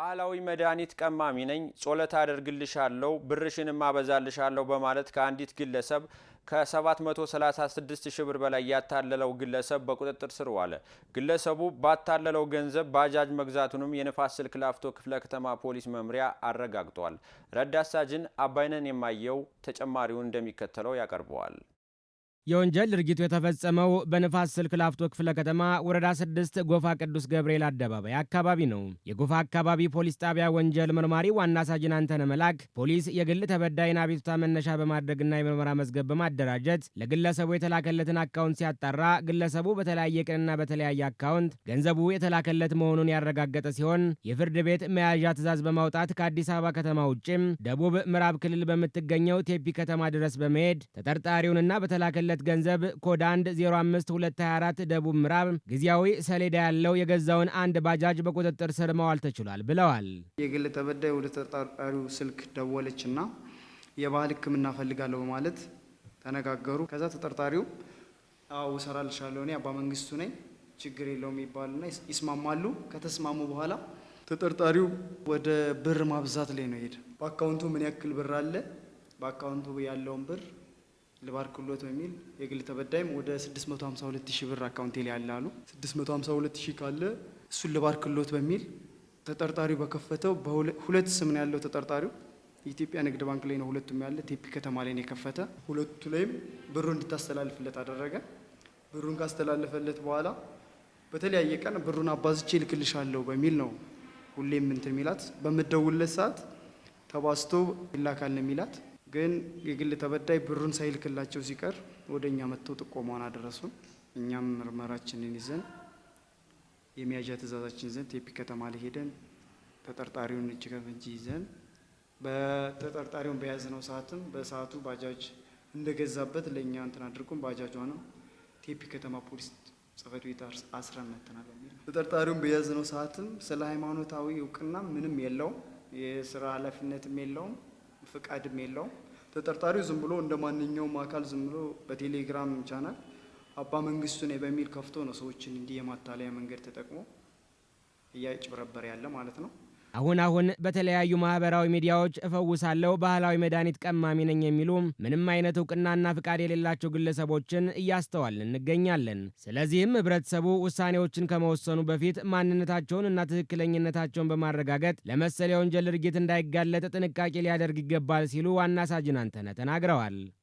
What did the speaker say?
ባህላዊ መድኃኒት ቀማሚ ነኝ፣ ጾለት አደርግልሻለሁ፣ ብርሽንም አበዛልሻለሁ በማለት ከአንዲት ግለሰብ ከ736 ሺህ ብር በላይ ያታለለው ግለሰብ በቁጥጥር ስር ዋለ። ግለሰቡ ባታለለው ገንዘብ ባጃጅ መግዛቱንም የንፋስ ስልክ ላፍቶ ክፍለ ከተማ ፖሊስ መምሪያ አረጋግጧል። ረዳት ሳጅን አባይነን የማየው ተጨማሪውን እንደሚከተለው ያቀርበዋል። የወንጀል ድርጊቱ የተፈጸመው በንፋስ ስልክ ላፍቶ ክፍለ ከተማ ወረዳ ስድስት ጎፋ ቅዱስ ገብርኤል አደባባይ አካባቢ ነው። የጎፋ አካባቢ ፖሊስ ጣቢያ ወንጀል መርማሪ ዋና ሳጅን አንተነ መላክ ፖሊስ የግል ተበዳይን አቤቱታ መነሻ በማድረግና የምርመራ መዝገብ በማደራጀት ለግለሰቡ የተላከለትን አካውንት ሲያጣራ ግለሰቡ በተለያየ ቀንና በተለያየ አካውንት ገንዘቡ የተላከለት መሆኑን ያረጋገጠ ሲሆን የፍርድ ቤት መያዣ ትዕዛዝ በማውጣት ከአዲስ አበባ ከተማ ውጭም ደቡብ ምዕራብ ክልል በምትገኘው ቴፒ ከተማ ድረስ በመሄድ ተጠርጣሪውንና በተላከለት የአገልግሎት ገንዘብ ኮድ 1 05 224 ደቡብ ምዕራብ ጊዜያዊ ሰሌዳ ያለው የገዛውን አንድ ባጃጅ በቁጥጥር ስር መዋል ተችሏል ብለዋል። የግል ተበዳይ ወደ ተጠርጣሪው ስልክ ደወለችና የባህል ሕክምና ፈልጋለሁ በማለት ተነጋገሩ። ከዛ ተጠርጣሪው አዎ እሰራልሻለሁ እኔ አባ መንግስቱ ነኝ ችግር የለውም ይባሉና ይስማማሉ። ከተስማሙ በኋላ ተጠርጣሪው ወደ ብር ማብዛት ላይ ነው ሄደ። በአካውንቱ ምን ያክል ብር አለ፣ በአካውንቱ ያለውን ብር ልባርክሎት በሚል የግል ተበዳይም ወደ 652 ሺህ ብር አካውንቴ ላይ ያለ አሉ። 652 ሺህ ካለ እሱን ልባርክሎት በሚል ተጠርጣሪው በከፈተው ሁለት ስም ነው ያለው ተጠርጣሪው የኢትዮጵያ ንግድ ባንክ ላይ ነው ሁለቱም ያለ ቴፒ ከተማ ላይ ነው የከፈተ። ሁለቱ ላይም ብሩ እንድታስተላልፍለት አደረገ። ብሩን ካስተላለፈለት በኋላ በተለያየ ቀን ብሩን አባዝቼ ልክልሻለሁ በሚል ነው ሁሌም እንትን ሚላት። በምደውልለት ሰዓት ተባዝቶ ይላካል ነው ግን የግል ተበዳይ ብሩን ሳይልክላቸው ሲቀር ወደ እኛ መጥተው ጥቆማውን አደረሱን። እኛም ምርመራችንን ይዘን የሚያዣ ትእዛዛችን ይዘን ቴፒ ከተማ ላይ ሄደን ተጠርጣሪውን እጅ ከፍንጅ ይዘን በተጠርጣሪውን በያዝነው ሰዓትም በሰዓቱ ባጃጅ እንደገዛበት ለእኛ እንትን አድርጎን ባጃጇንም ቴፒ ከተማ ፖሊስ ጽፈት ቤት አስረን መተናል በሚል ተጠርጣሪውን በያዝነው ሰዓትም ስለ ሃይማኖታዊ እውቅና ምንም የለውም፣ የስራ ኃላፊነትም የለውም። ፍቃድም የለውም። ተጠርጣሪው ዝም ብሎ እንደ ማንኛውም አካል ዝም ብሎ በቴሌግራም ቻናል አባ መንግስቱ ነኝ በሚል ከፍቶ ነው ሰዎችን እንዲህ የማታለያ መንገድ ተጠቅሞ እያጭበረበረ ያለ ማለት ነው። አሁን አሁን በተለያዩ ማህበራዊ ሚዲያዎች እፈውሳለሁ ባህላዊ መድኃኒት ቀማሚ ነኝ የሚሉ ምንም አይነት እውቅናና ፍቃድ የሌላቸው ግለሰቦችን እያስተዋልን እንገኛለን። ስለዚህም ህብረተሰቡ ውሳኔዎችን ከመወሰኑ በፊት ማንነታቸውን እና ትክክለኝነታቸውን በማረጋገጥ ለመሰለ የወንጀል ድርጊት እንዳይጋለጥ ጥንቃቄ ሊያደርግ ይገባል ሲሉ ዋና ሳጅን አንተነህ ተናግረዋል።